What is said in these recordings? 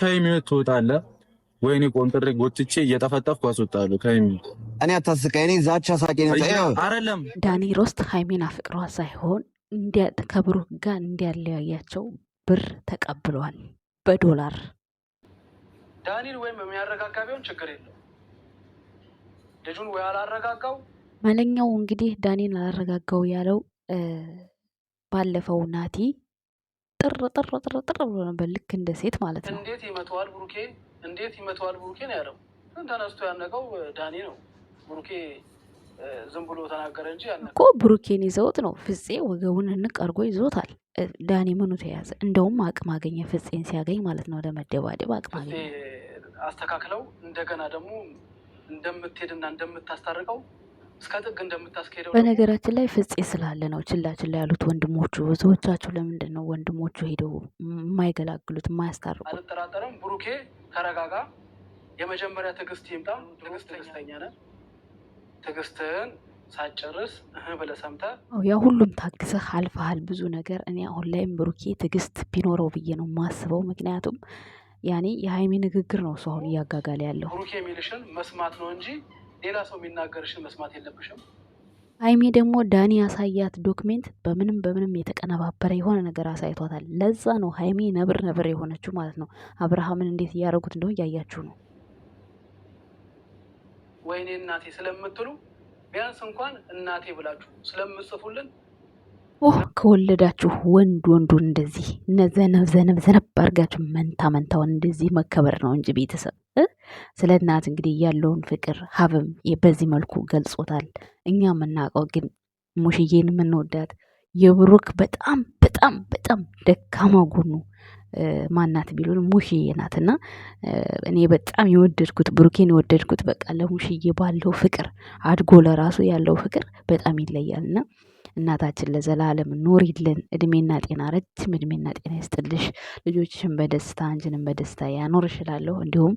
ከሀይሚ ትወጣለህ። ወይኔ ቆንጥሬ ጎትቼ እየጠፈጠፍኩ አስወጣለሁ ከሚ እኔ አታስቀ እኔ ዛቻ ሳቂ ነው አይደለም። ዳኒ ሮስት ሀይሚን አፍቅሯ ሳይሆን ከብሩክ ጋር እንዲያለያያቸው ብር ተቀብሏል በዶላር ዳኒል ወይም የሚያረጋጋ ቢሆን ችግር የለው። ልጁን ወይ አላረጋጋው መለኛው እንግዲህ ዳኒን አላረጋጋው ያለው ባለፈው ናቲ ጥር ጥር ጥር ጥር ብሎ ነበር። ልክ እንደ ሴት ማለት ነው። እንዴት ይመተዋል ብሩኬን፣ እንዴት ይመተዋል ብሩኬን ያለው ተነስቶ ያነቀው ዳኒ ነው። ብሩኬ ዝም ብሎ ተናገረ እንጂ እኮ ብሩኬን ይዘውት ነው። ፍፄ ወገቡን እንቅ አድርጎ ይዞታል። ዳኒ ምኑ ተያዘ? እንደውም አቅም አገኘ። ፍፄን ሲያገኝ ማለት ነው ለመደባደብ አቅም አገኘ። አስተካክለው እንደገና ደግሞ እንደምትሄድና እንደምታስታርቀው በነገራችን ላይ ፍፄ ስላለ ነው ችላ ችላ ያሉት ወንድሞቹ። ብዙዎቻችሁ ለምንድን ነው ወንድሞቹ ሄደው የማይገላግሉት የማያስታርቁ? አልጠራጠርም። ብሩኬ ተረጋጋ። የመጀመሪያ ትዕግስት ይምጣ። ትዕግስት ትዕግስተኛ ነህ። ትዕግስትህን ሳጨርስ ብለህ ሰምተህ ያ ሁሉም ታግሰህ አልፈሃል ብዙ ነገር። እኔ አሁን ላይም ብሩኬ ትዕግስት ቢኖረው ብዬ ነው የማስበው። ምክንያቱም ያኔ የሀይሚ ንግግር ነው እሱ አሁን እያጋጋለ ያለው ብሩኬ የሚልሽን መስማት ነው እንጂ ሌላ ሰው የሚናገርሽን መስማት የለብሽም። አይሚ ደግሞ ዳኒ ያሳያት ዶክሜንት በምንም በምንም የተቀነባበረ የሆነ ነገር አሳይቷታል። ለዛ ነው ሀይሚ ነብር ነብር የሆነችው ማለት ነው። አብርሃምን እንዴት እያደረጉት እንደሆነ እያያችሁ ነው። ወይኔ እናቴ ስለምትሉ ቢያንስ እንኳን እናቴ ብላችሁ ስለምጽፉልን ኦህ ከወለዳችሁ ወንድ ወንዱን እንደዚህ ነዘነብ ዘነብ ዘነብ አድርጋችሁ መንታ መንታውን እንደዚህ መከበር ነው እንጂ ቤተሰብ ስለ እናት እንግዲህ ያለውን ፍቅር ሀብም በዚህ መልኩ ገልጾታል። እኛ የምናውቀው ግን ሙሽዬን የምንወዳት የብሩክ በጣም በጣም በጣም ደካማ ጎኑ ማናት ቢሉን ሙሽዬ ናት። እና እኔ በጣም የወደድኩት ብሩኬን የወደድኩት በቃ ለሙሽዬ ባለው ፍቅር አድጎ ለራሱ ያለው ፍቅር በጣም ይለያል እና እናታችን ለዘላለም ኑሪልን፣ እድሜና ጤና ረጅም እድሜና ጤና ይስጥልሽ። ልጆችሽን በደስታ አንቺንም በደስታ ያኖር እላለሁ። እንዲሁም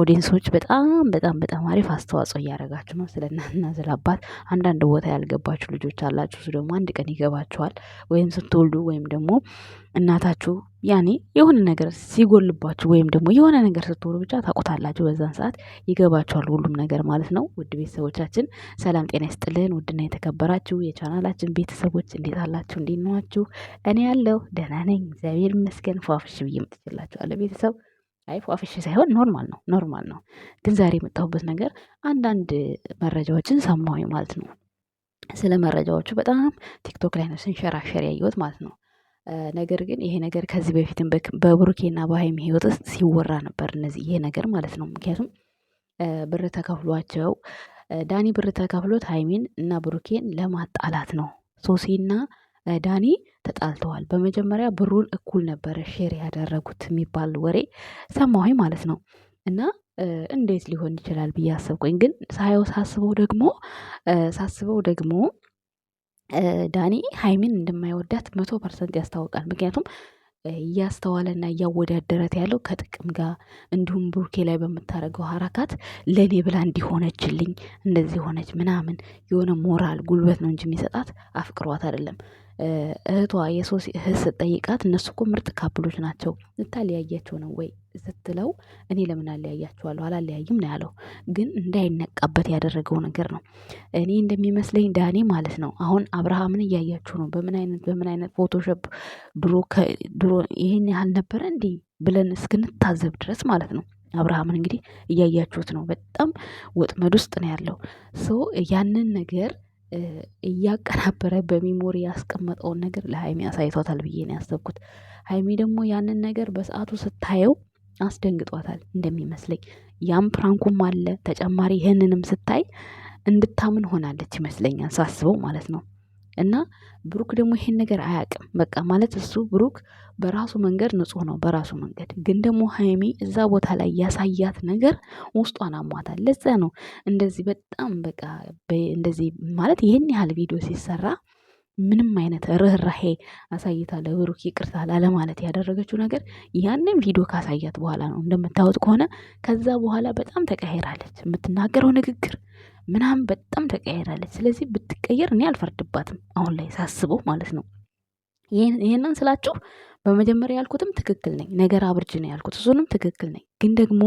ኦዲንሶች በጣም በጣም በጣም አሪፍ አስተዋጽኦ እያደረጋችሁ ነው። ስለ እናትና ስለ አባት አንዳንድ ቦታ ያልገባችሁ ልጆች አላችሁ። እሱ ደግሞ አንድ ቀን ይገባችኋል፣ ወይም ስትወልዱ ወይም ደግሞ እናታችሁ ያኔ የሆነ ነገር ሲጎልባችሁ ወይም ደግሞ የሆነ ነገር ስትሆኑ ብቻ ታቆታላችሁ። በዛን ሰዓት ይገባችኋል ሁሉም ነገር ማለት ነው። ውድ ቤተሰቦቻችን ሰላም ጤና ይስጥልን። ውድና የተከበራችሁ የቻናላችን ቤተሰቦች እንዴት አላችሁ? እንዴት ናችሁ? እኔ ያለው ደህና ነኝ እግዚአብሔር ይመስገን። ፏፍሽ ብዬ መጥቼላችኋለሁ ቤተሰብ። አይ ፏፍሽ ሳይሆን ኖርማል ነው ኖርማል ነው። ግን ዛሬ የመጣሁበት ነገር አንዳንድ መረጃዎችን ሰማሁኝ ማለት ነው። ስለ መረጃዎቹ በጣም ቲክቶክ ላይ ነው ስንሸራሸር ያየሁት ማለት ነው። ነገር ግን ይሄ ነገር ከዚህ በፊትም በብሩኬና በሀይሚ ህይወት ውስጥ ሲወራ ነበር እነዚህ ይሄ ነገር ማለት ነው። ምክንያቱም ብር ተከፍሏቸው ዳኒ ብር ተከፍሎት ሀይሚን እና ብሩኬን ለማጣላት ነው። ሶሲና ዳኒ ተጣልተዋል። በመጀመሪያ ብሩን እኩል ነበረ ሼር ያደረጉት የሚባል ወሬ ሰማሁኝ ማለት ነው እና እንዴት ሊሆን ይችላል ብዬ አሰብኩኝ። ግን ሳየው ሳስበው ደግሞ ሳስበው ደግሞ ዳኒ ሀይሚን እንደማይወዳት መቶ ፐርሰንት ያስታውቃል። ምክንያቱም እያስተዋለና እያወዳደረት ያለው ከጥቅም ጋር እንዲሁም ብሩኬ ላይ በምታደርገው ሀረካት ለእኔ ብላ እንዲሆነችልኝ እንደዚህ ሆነች ምናምን የሆነ ሞራል ጉልበት ነው እንጂ የሚሰጣት አፍቅሯት አይደለም። እህቷ የሶሲ እህት ስትጠይቃት እነሱ እኮ ምርጥ ካፕሎች ናቸው ልታለያያቸው ነው ወይ ስትለው እኔ ለምን አለያያችኋለሁ አላለያይም ነው ያለው። ግን እንዳይነቃበት ያደረገው ነገር ነው። እኔ እንደሚመስለኝ ዳኔ ማለት ነው አሁን አብርሃምን እያያችሁ ነው። በምን አይነት በምን አይነት ፎቶሾፕ ድሮ ድሮ ይህን ያህል ነበረ እንዴ ብለን እስክንታዘብ ድረስ ማለት ነው። አብርሃምን እንግዲህ እያያችሁት ነው። በጣም ወጥመድ ውስጥ ነው ያለው። ሶ ያንን ነገር እያቀናበረ በሚሞሪ ያስቀመጠውን ነገር ለሀይሚ አሳይቷታል ብዬ ነው ያሰብኩት። ሀይሚ ደግሞ ያንን ነገር በሰዓቱ ስታየው አስደንግጧታል እንደሚመስለኝ። ያም ፕራንኩም አለ ተጨማሪ ይህንንም ስታይ እንድታምን ሆናለች ይመስለኛል ሳስበው ማለት ነው። እና ብሩክ ደግሞ ይሄን ነገር አያውቅም። በቃ ማለት እሱ ብሩክ በራሱ መንገድ ንጹህ ነው በራሱ መንገድ። ግን ደግሞ ሀይሚ እዛ ቦታ ላይ ያሳያት ነገር ውስጧን አሟታል። ለዛ ነው እንደዚህ በጣም በቃ እንደዚህ ማለት ይህን ያህል ቪዲዮ ሲሰራ ምንም አይነት ርኅራሄ አሳይታ ለብሩክ ይቅርታ ላለማለት ያደረገችው ነገር ያንን ቪዲዮ ካሳያት በኋላ ነው። እንደምታወጥ ከሆነ ከዛ በኋላ በጣም ተቀያይራለች። የምትናገረው ንግግር ምናምን በጣም ተቀያይራለች። ስለዚህ ብትቀየር እኔ አልፈርድባትም፣ አሁን ላይ ሳስበው ማለት ነው። ይህንን ስላችሁ በመጀመሪያ ያልኩትም ትክክል ነኝ፣ ነገር አብርጅ ነው ያልኩት፣ እሱንም ትክክል ነኝ። ግን ደግሞ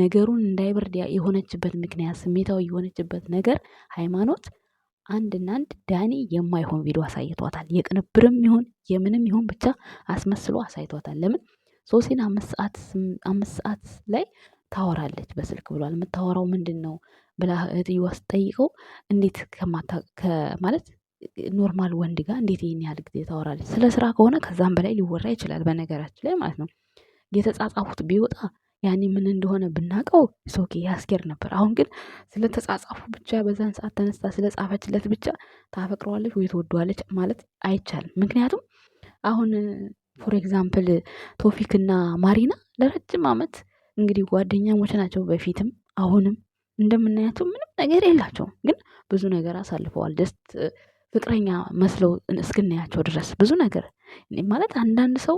ነገሩን እንዳይበርድ የሆነችበት ምክንያት ስሜታዊ የሆነችበት ነገር ሃይማኖት እና አንድ ዳኒ የማይሆን ቪዲዮ አሳይቷታል። የቅንብርም ይሁን የምንም ይሁን ብቻ አስመስሎ አሳይቷታል። ለምን ሶሲን አምስት ሰዓት ላይ ታወራለች በስልክ ብሏል። የምታወራው ምንድን ነው ብላ እህትየዋ ስትጠይቀው እንዴት ማለት ኖርማል ወንድ ጋር እንዴት ይህን ያህል ጊዜ ታወራለች? ስለ ስራ ከሆነ ከዛም በላይ ሊወራ ይችላል። በነገራችን ላይ ማለት ነው የተጻጻፉት ቢወጣ ያኔ ምን እንደሆነ ብናውቀው ሶኬ ያስኬር ነበር። አሁን ግን ስለተጻጻፉ ብቻ በዛን ሰዓት ተነስታ ስለጻፈችለት ብቻ ታፈቅረዋለች ወይ ትወደዋለች ማለት አይቻልም። ምክንያቱም አሁን ፎር ኤግዛምፕል ቶፊክና ማሪና ለረጅም ዓመት እንግዲህ ጓደኛሞች ናቸው። በፊትም አሁንም እንደምናያቸው ምንም ነገር የላቸውም፣ ግን ብዙ ነገር አሳልፈዋል። ደስት ፍቅረኛ መስለው እስክናያቸው ድረስ ብዙ ነገር ማለት አንዳንድ ሰው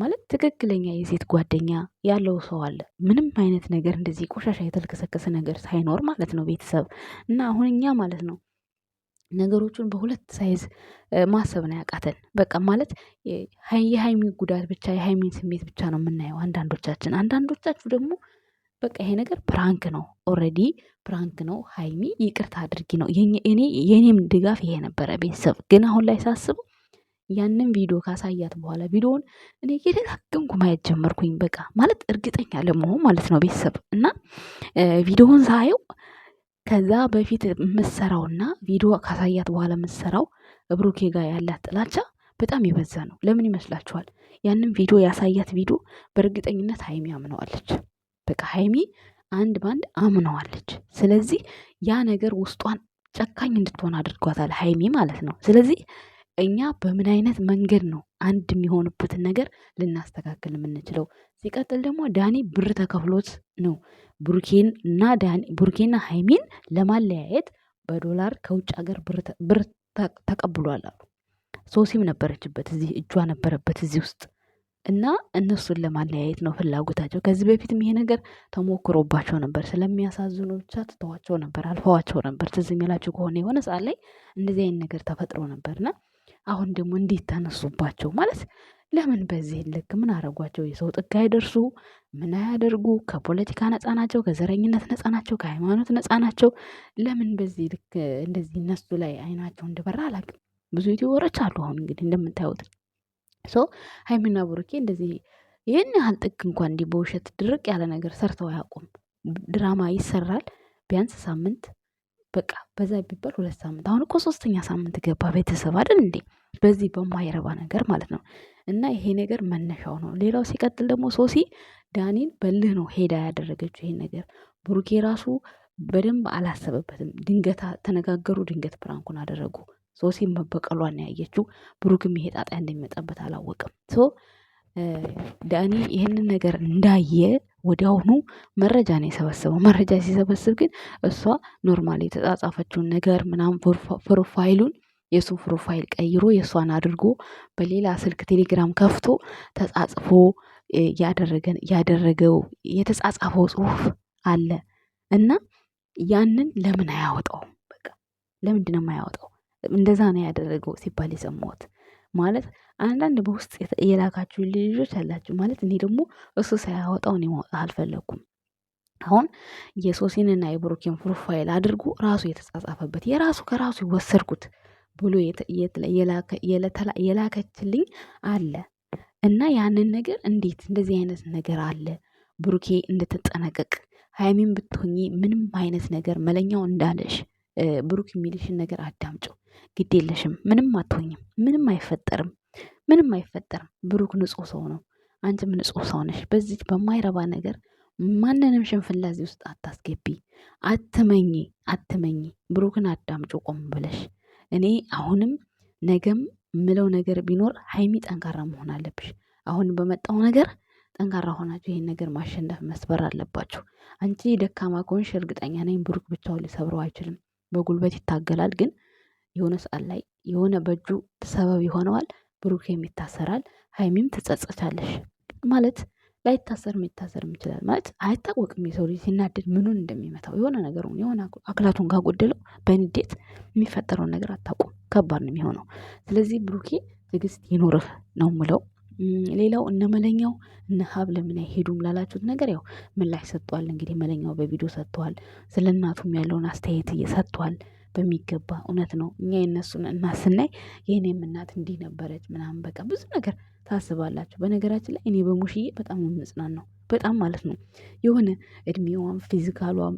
ማለት ትክክለኛ የሴት ጓደኛ ያለው ሰው አለ። ምንም አይነት ነገር እንደዚህ ቆሻሻ የተልከሰከሰ ነገር ሳይኖር ማለት ነው። ቤተሰብ እና አሁን እኛ ማለት ነው ነገሮቹን በሁለት ሳይዝ ማሰብ ነው ያቃተን። በቃ ማለት የሀይሚ ጉዳት ብቻ የሀይሚን ስሜት ብቻ ነው የምናየው አንዳንዶቻችን። አንዳንዶቻችሁ ደግሞ በቃ ይሄ ነገር ፕራንክ ነው ኦልሬዲ ፕራንክ ነው ሀይሚ ይቅርታ አድርጊ ነው። የኔም ድጋፍ ይሄ ነበረ ቤተሰብ ግን አሁን ላይ ሳስበው ያንን ቪዲዮ ካሳያት በኋላ ቪዲዮውን እኔ እየደጋገምኩ ማየት ጀመርኩኝ። በቃ ማለት እርግጠኛ ለመሆን ማለት ነው ቤተሰብ እና ቪዲዮውን ሳየው ከዛ በፊት የምትሰራውና ቪዲዮ ካሳያት በኋላ የምትሰራው ብሩኬ ጋር ያላት ጥላቻ በጣም የበዛ ነው። ለምን ይመስላችኋል? ያንን ቪዲዮ ያሳያት ቪዲዮ በእርግጠኝነት ሀይሚ አምነዋለች። በቃ ሀይሚ አንድ ባንድ አምነዋለች። ስለዚህ ያ ነገር ውስጧን ጨካኝ እንድትሆን አድርጓታል ሀይሚ ማለት ነው። ስለዚህ እኛ በምን አይነት መንገድ ነው አንድ የሚሆንበትን ነገር ልናስተካክል የምንችለው? ሲቀጥል ደግሞ ዳኒ ብር ተከፍሎት ነው ቡርኬና ሀይሚን ለማለያየት በዶላር ከውጭ ሀገር ብር ተቀብሏል አሉ። ሶሲም ነበረችበት እዚህ እጇ ነበረበት እዚህ ውስጥ እና እነሱን ለማለያየት ነው ፍላጎታቸው። ከዚህ በፊትም ይሄ ነገር ተሞክሮባቸው ነበር። ስለሚያሳዝኑ ብቻ ትተዋቸው ነበር፣ አልፈዋቸው ነበር። ትዝ የሚላቸው ከሆነ የሆነ ሰዓት ላይ እንደዚህ አይነት ነገር ተፈጥሮ ነበርና አሁን ደግሞ እንዴት ተነሱባቸው ማለት ለምን በዚህ ልክ ምን አረጓቸው? የሰው ጥግ አይደርሱ ምን አያደርጉ? ከፖለቲካ ነፃ ናቸው፣ ከዘረኝነት ነፃ ናቸው፣ ከሃይማኖት ነፃ ናቸው። ለምን በዚህ ልክ እንደዚህ እነሱ ላይ አይናቸው እንደበራ አላውቅም። ብዙ ቲዎሮች አሉ። አሁን እንግዲህ እንደምታዩት ሶ ሀይሚና ብሩኬ እንደዚህ ይህን ያህል ጥግ እንኳን እንዲህ በውሸት ድርቅ ያለ ነገር ሰርተው አያውቁም። ድራማ ይሰራል ቢያንስ ሳምንት በቃ በዛ ቢባል ሁለት ሳምንት አሁን እኮ ሶስተኛ ሳምንት ገባ። ቤተሰብ አይደል እንዴ? በዚህ በማይረባ ነገር ማለት ነው። እና ይሄ ነገር መነሻው ነው። ሌላው ሲቀጥል ደግሞ ሶሲ ዳኒን በልህ ነው ሄዳ ያደረገችው ይሄን ነገር። ብሩኬ ራሱ በደንብ አላሰበበትም። ድንገት ተነጋገሩ፣ ድንገት ፕራንኩን አደረጉ። ሶሲ መበቀሏን ያየችው ብሩክም ይሄ ጣጣ እንደሚመጣበት አላወቅም። ሶ ዳኒ ይህንን ነገር እንዳየ ወዲያውኑ መረጃ ነው የሰበሰበው። መረጃ ሲሰበስብ ግን እሷ ኖርማል የተጻጻፈችውን ነገር ምናምን ፕሮፋይሉን የእሱን ፕሮፋይል ቀይሮ የእሷን አድርጎ በሌላ ስልክ ቴሌግራም ከፍቶ ተጻጽፎ ያደረገው የተጻጻፈው ጽሁፍ አለ እና ያንን ለምን አያወጣው በቃ ለምንድን ነው የማያወጣው? እንደዛ ነው ያደረገው ሲባል የሰማሁት። ማለት አንዳንድ በውስጥ የላካችሁልኝ ልጆች አላችሁ ማለት እኔ ደግሞ እሱ ሳያወጣው እኔ ማውጣት አልፈለኩም። አሁን የሶሲንና የብሩኬን ፕሮፋይል አድርጎ ራሱ የተጻጻፈበት የራሱ ከራሱ የወሰድኩት ብሎ የላከችልኝ አለ እና ያንን ነገር እንዴት እንደዚህ አይነት ነገር አለ ብሩኬ እንድትጠነቀቅ ሀይሚን ብትሆኚ ምንም አይነት ነገር መለኛው እንዳለሽ ብሩክ የሚልሽን ነገር አዳምጪው። ግድ የለሽም፣ ምንም አትሆኝም፣ ምንም አይፈጠርም፣ ምንም አይፈጠርም። ብሩክ ንጹህ ሰው ነው፣ አንቺም ንጹህ ሰው ነሽ። በዚህ በማይረባ ነገር ማንንም ሽንፍላዚ ውስጥ አታስገቢ፣ አትመኝ፣ አትመኝ። ብሩክን አዳምጪ ቆም ብለሽ። እኔ አሁንም ነገም ምለው ነገር ቢኖር ሀይሚ ጠንካራ መሆን አለብሽ። አሁን በመጣው ነገር ጠንካራ ሆናችሁ ይህን ነገር ማሸነፍ መስበር አለባችሁ። አንቺ ደካማ ከሆንሽ እርግጠኛ ነኝ ብሩክ ብቻውን ሊሰብረው አይችልም። በጉልበት ይታገላል ግን የሆነ ሰዓት ላይ የሆነ በእጁ ሰበብ ይሆነዋል። ብሩኬም ይታሰራል ሀይሚም ትጸጸቻለሽ ማለት ላይታሰርም ሊታሰርም ይችላል ማለት አይታወቅም። የሰው ልጅ ሲናደድ ምኑን እንደሚመታው የሆነ ነገሩ የሆነ አክላቱን ካጎደለው በንዴት የሚፈጠረውን ነገር አታውቁም። ከባድ ነው የሚሆነው። ስለዚህ ብሩኬ ትዕግስት ይኖርህ ነው ምለው። ሌላው እነ መለኛው እነ ሀብ ለምን አይሄዱም ላላችሁት ነገር ያው ምላሽ ሰጥቷል። እንግዲህ መለኛው በቪዲዮ ሰጥቷል፣ ስለ እናቱም ያለውን አስተያየት ሰጥተዋል። በሚገባ እውነት ነው። እኛ የእነሱን እናት ስናይ የእኔም እናት እንዲህ ነበረች ምናምን በቃ ብዙ ነገር ታስባላችሁ። በነገራችን ላይ እኔ በሙሽዬ በጣም ነው የምጽናናው በጣም ማለት ነው። የሆነ እድሜዋም ፊዚካሏም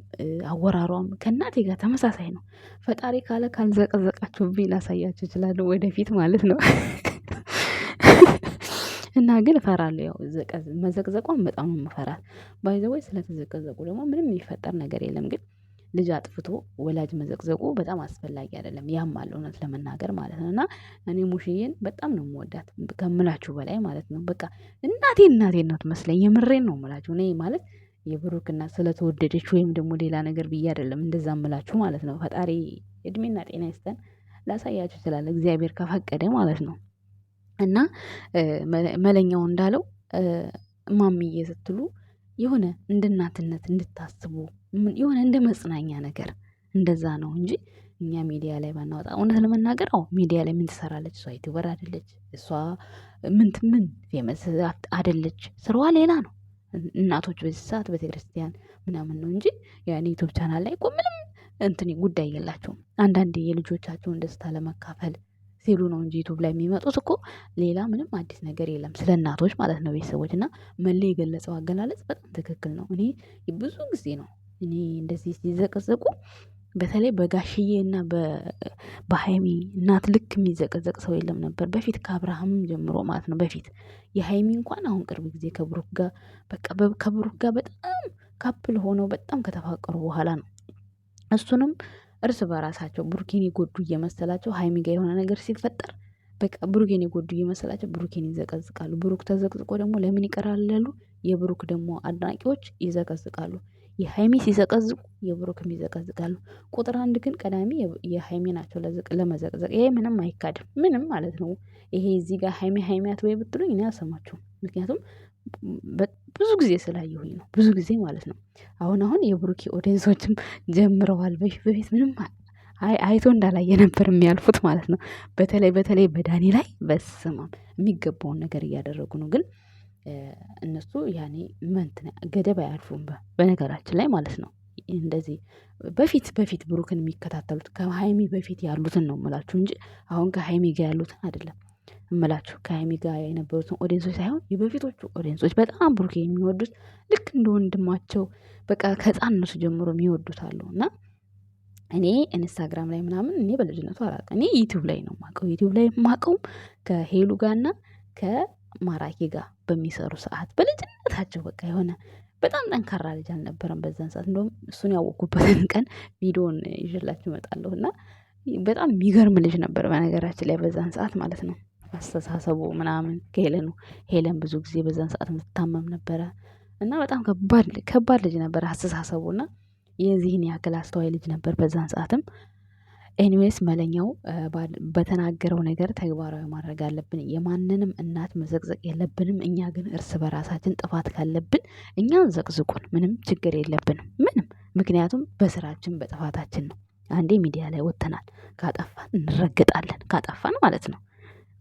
አወራሯም ከእናቴ ጋር ተመሳሳይ ነው። ፈጣሪ ካለ ካልዘቀዘቃችሁብኝ ላሳያችሁ እችላለሁ ወደፊት ማለት ነው። እና ግን እፈራለሁ ያው መዘቅዘቋን በጣም ነው የምፈራት። ስለተዘቀዘቁ ደግሞ ምንም የሚፈጠር ነገር የለም ግን ልጅ አጥፍቶ ወላጅ መዘቅዘቁ በጣም አስፈላጊ አይደለም። አለ እውነት ለመናገር ማለት ነው። እና እኔ ሙሽዬን በጣም ነው የምወዳት ከምላችሁ በላይ ማለት ነው። በቃ እናቴ እናቴ ነው ትመስለኝ። የምሬን ነው ምላችሁ። እኔ ማለት የብሩክ እናት ስለተወደደች ወይም ደግሞ ሌላ ነገር ብዬ አይደለም እንደዛ ምላችሁ ማለት ነው። ፈጣሪ እድሜና ጤና ይስጠን። ላሳያችሁ ይችላል እግዚአብሔር ከፈቀደ ማለት ነው። እና መለኛው እንዳለው ማሚዬ ስትሉ የሆነ እንደ እናትነት እንድታስቡ የሆነ እንደ መጽናኛ ነገር እንደዛ ነው እንጂ እኛ ሚዲያ ላይ ባናወጣ እውነት ለመናገር አዎ ሚዲያ ላይ ምን ትሰራለች? እሷ ዩቲዩበር አደለች እሷ ምንት ምን ፌመስ አደለች ስራዋ ሌላ ነው። እናቶች በዚህ ሰዓት ቤተክርስቲያን ምናምን ነው እንጂ ያን ዩቱብ ቻናል ላይ እኮ ምንም እንትን ጉዳይ የላቸውም። አንዳንዴ የልጆቻቸውን ደስታ ለመካፈል ሲሉ ነው እንጂ ዩቱብ ላይ የሚመጡት እኮ ሌላ ምንም አዲስ ነገር የለም። ስለ እናቶች ማለት ነው ቤተሰቦች እና መሌ የገለጸው አገላለጽ በጣም ትክክል ነው። እኔ ብዙ ጊዜ ነው እኔ እንደዚህ ሲዘቀዘቁ በተለይ በጋሽዬ እና በሀይሚ እናት ልክ የሚዘቀዘቅ ሰው የለም ነበር። በፊት ከአብርሃም ጀምሮ ማለት ነው። በፊት የሀይሚ እንኳን አሁን ቅርብ ጊዜ ከብሩክ ጋር በቃ ከብሩክ ጋር በጣም ካፕል ሆነው በጣም ከተፋቀሩ በኋላ ነው እሱንም እርስ በራሳቸው ብሩኬን የጎዱ እየመሰላቸው ሀይሚ ጋ የሆነ ነገር ሲፈጠር በቃ ብሩኬን የጎዱ እየመሰላቸው ብሩኬን ይዘቀዝቃሉ። ብሩክ ተዘቅዝቆ ደግሞ ለምን ይቀራለሉ? የብሩክ ደግሞ አድናቂዎች ይዘቀዝቃሉ። የሀይሚ ሲዘቀዝቁ የብሩክም ይዘቀዝቃሉ። ቁጥር አንድ ግን ቀዳሚ የሀይሚ ናቸው ለመዘቅዘቅ። ይሄ ምንም አይካድም፣ ምንም ማለት ነው። ይሄ እዚህ ጋር ሀይሚ ሀይሚያት ወይ ብትሉኝ እኔ አልሰማችሁም፣ ምክንያቱም ብዙ ጊዜ ስላየሁኝ ነው። ብዙ ጊዜ ማለት ነው። አሁን አሁን የብሩኬ ኦዲየንሶችም ጀምረዋል። በፊት በፊት ምንም አይቶ እንዳላየ ነበር የሚያልፉት ማለት ነው። በተለይ በተለይ በዳኒ ላይ በስማም የሚገባውን ነገር እያደረጉ ነው። ግን እነሱ ያኔ መንት ገደብ አያልፉም። በነገራችን ላይ ማለት ነው እንደዚህ በፊት በፊት ብሩክን የሚከታተሉት ከሀይሚ በፊት ያሉትን ነው ምላችሁ እንጂ አሁን ከሀይሚ ጋር ያሉትን አይደለም። እምላችሁ ከሀይሚ ጋር የነበሩትን ኦዲንሶች ሳይሆን የበፊቶቹ ኦዲንሶች በጣም ብሩኬ የሚወዱት ልክ እንደ ወንድማቸው በቃ ከህፃንነቱ ጀምሮ የሚወዱት አሉ እና እኔ ኢንስታግራም ላይ ምናምን እኔ በልጅነቱ አላውቅም። እኔ ዩቲዩብ ላይ ነው የማውቀው። ዩቲዩብ ላይ የማውቀውም ከሄሉ ጋርና ከማራኪ ጋር በሚሰሩ ሰዓት በልጅነታቸው በቃ የሆነ በጣም ጠንካራ ልጅ አልነበረም በዛን ሰዓት። እንደውም እሱን ያወቅኩበትን ቀን ቪዲዮን ይዤላችሁ እመጣለሁ እና በጣም የሚገርም ልጅ ነበር በነገራችን ላይ በዛን ሰዓት ማለት ነው። አስተሳሰቡ ምናምን ከሄለኑ ሄለን ብዙ ጊዜ በዛን ሰዓት የምትታመም ነበረ እና በጣም ከባድ ልጅ ነበረ አስተሳሰቡ እና የዚህን ያክል አስተዋይ ልጅ ነበር በዛን ሰዓትም። ኤኒዌይስ መለኛው በተናገረው ነገር ተግባራዊ ማድረግ አለብን። የማንንም እናት መዘቅዘቅ የለብንም። እኛ ግን እርስ በራሳችን ጥፋት ካለብን እኛን ዘቅዝቁን፣ ምንም ችግር የለብንም ምንም። ምክንያቱም በስራችን በጥፋታችን ነው። አንዴ ሚዲያ ላይ ወጥተናል። ካጠፋን እንረግጣለን፣ ካጠፋን ማለት ነው።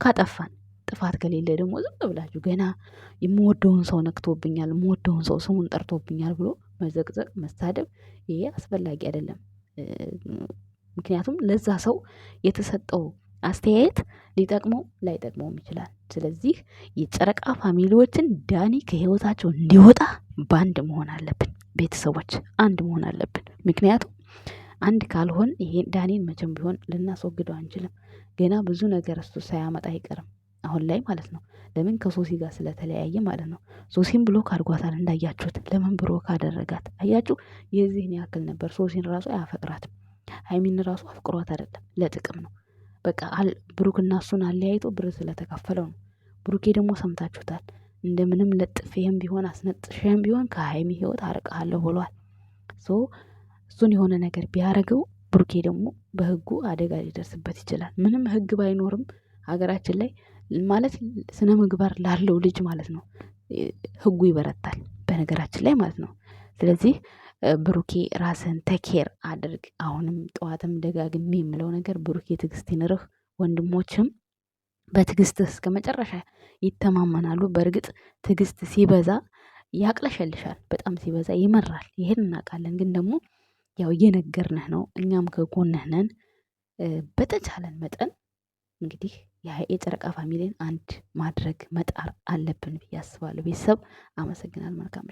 ካጠፋን ጥፋት ከሌለ ደግሞ ዝም ብላችሁ ገና የምወደውን ሰው ነክቶብኛል፣ የምወደውን ሰው ስሙን ጠርቶብኛል ብሎ መዘቅዘቅ፣ መሳደብ ይሄ አስፈላጊ አይደለም። ምክንያቱም ለዛ ሰው የተሰጠው አስተያየት ሊጠቅመው ላይጠቅመውም ይችላል። ስለዚህ የጨረቃ ፋሚሊዎችን ዳኒ ከህይወታቸው እንዲወጣ በአንድ መሆን አለብን። ቤተሰቦች አንድ መሆን አለብን። ምክንያቱም አንድ ካልሆን ይሄ ዳኒን መቼም ቢሆን ልናስወግደው አንችልም። ገና ብዙ ነገር እሱ ሳያመጣ አይቀርም አሁን ላይ ማለት ነው። ለምን ከሶሲ ጋር ስለተለያየ ማለት ነው። ሶሲን ብሎክ አድርጓታል እንዳያችሁት። ለምን ብሎክ አደረጋት አያችሁ? የዚህን ያክል ነበር። ሶሲን ራሱ አያፈቅራትም። ሀይሚን ራሱ አፍቅሯት አይደለም፣ ለጥቅም ነው። በቃ ብሩክና እሱን አለያይቶ ብር ስለተከፈለው ነው። ብሩኬ ደግሞ ሰምታችሁታል። እንደምንም ለጥፌህም ቢሆን አስነጥሼህም ቢሆን ከሀይሚ ህይወት አርቀሃለሁ ብሏል። እሱን የሆነ ነገር ቢያደርገው ብሩኬ ደግሞ በህጉ አደጋ ሊደርስበት ይችላል። ምንም ህግ ባይኖርም ሀገራችን ላይ ማለት ስነ ምግባር ላለው ልጅ ማለት ነው ህጉ ይበረታል፣ በነገራችን ላይ ማለት ነው። ስለዚህ ብሩኬ ራስን ተኬር አድርግ። አሁንም ጠዋትም ደጋግሜ የምለው ነገር ብሩኬ ትዕግስት ይንርህ። ወንድሞችም በትዕግስትህ እስከ መጨረሻ ይተማመናሉ። በእርግጥ ትዕግስት ሲበዛ ያቅለሸልሻል፣ በጣም ሲበዛ ይመራል። ይሄን እናውቃለን። ግን ደግሞ ያው እየነገርንህ ነው። እኛም ከጎንህ ነን። በተቻለን መጠን እንግዲህ ጨረቃ ፋሚሊን አንድ ማድረግ መጣር አለብን ብዬ አስባለሁ። ቤተሰብ አመሰግናል። መልካም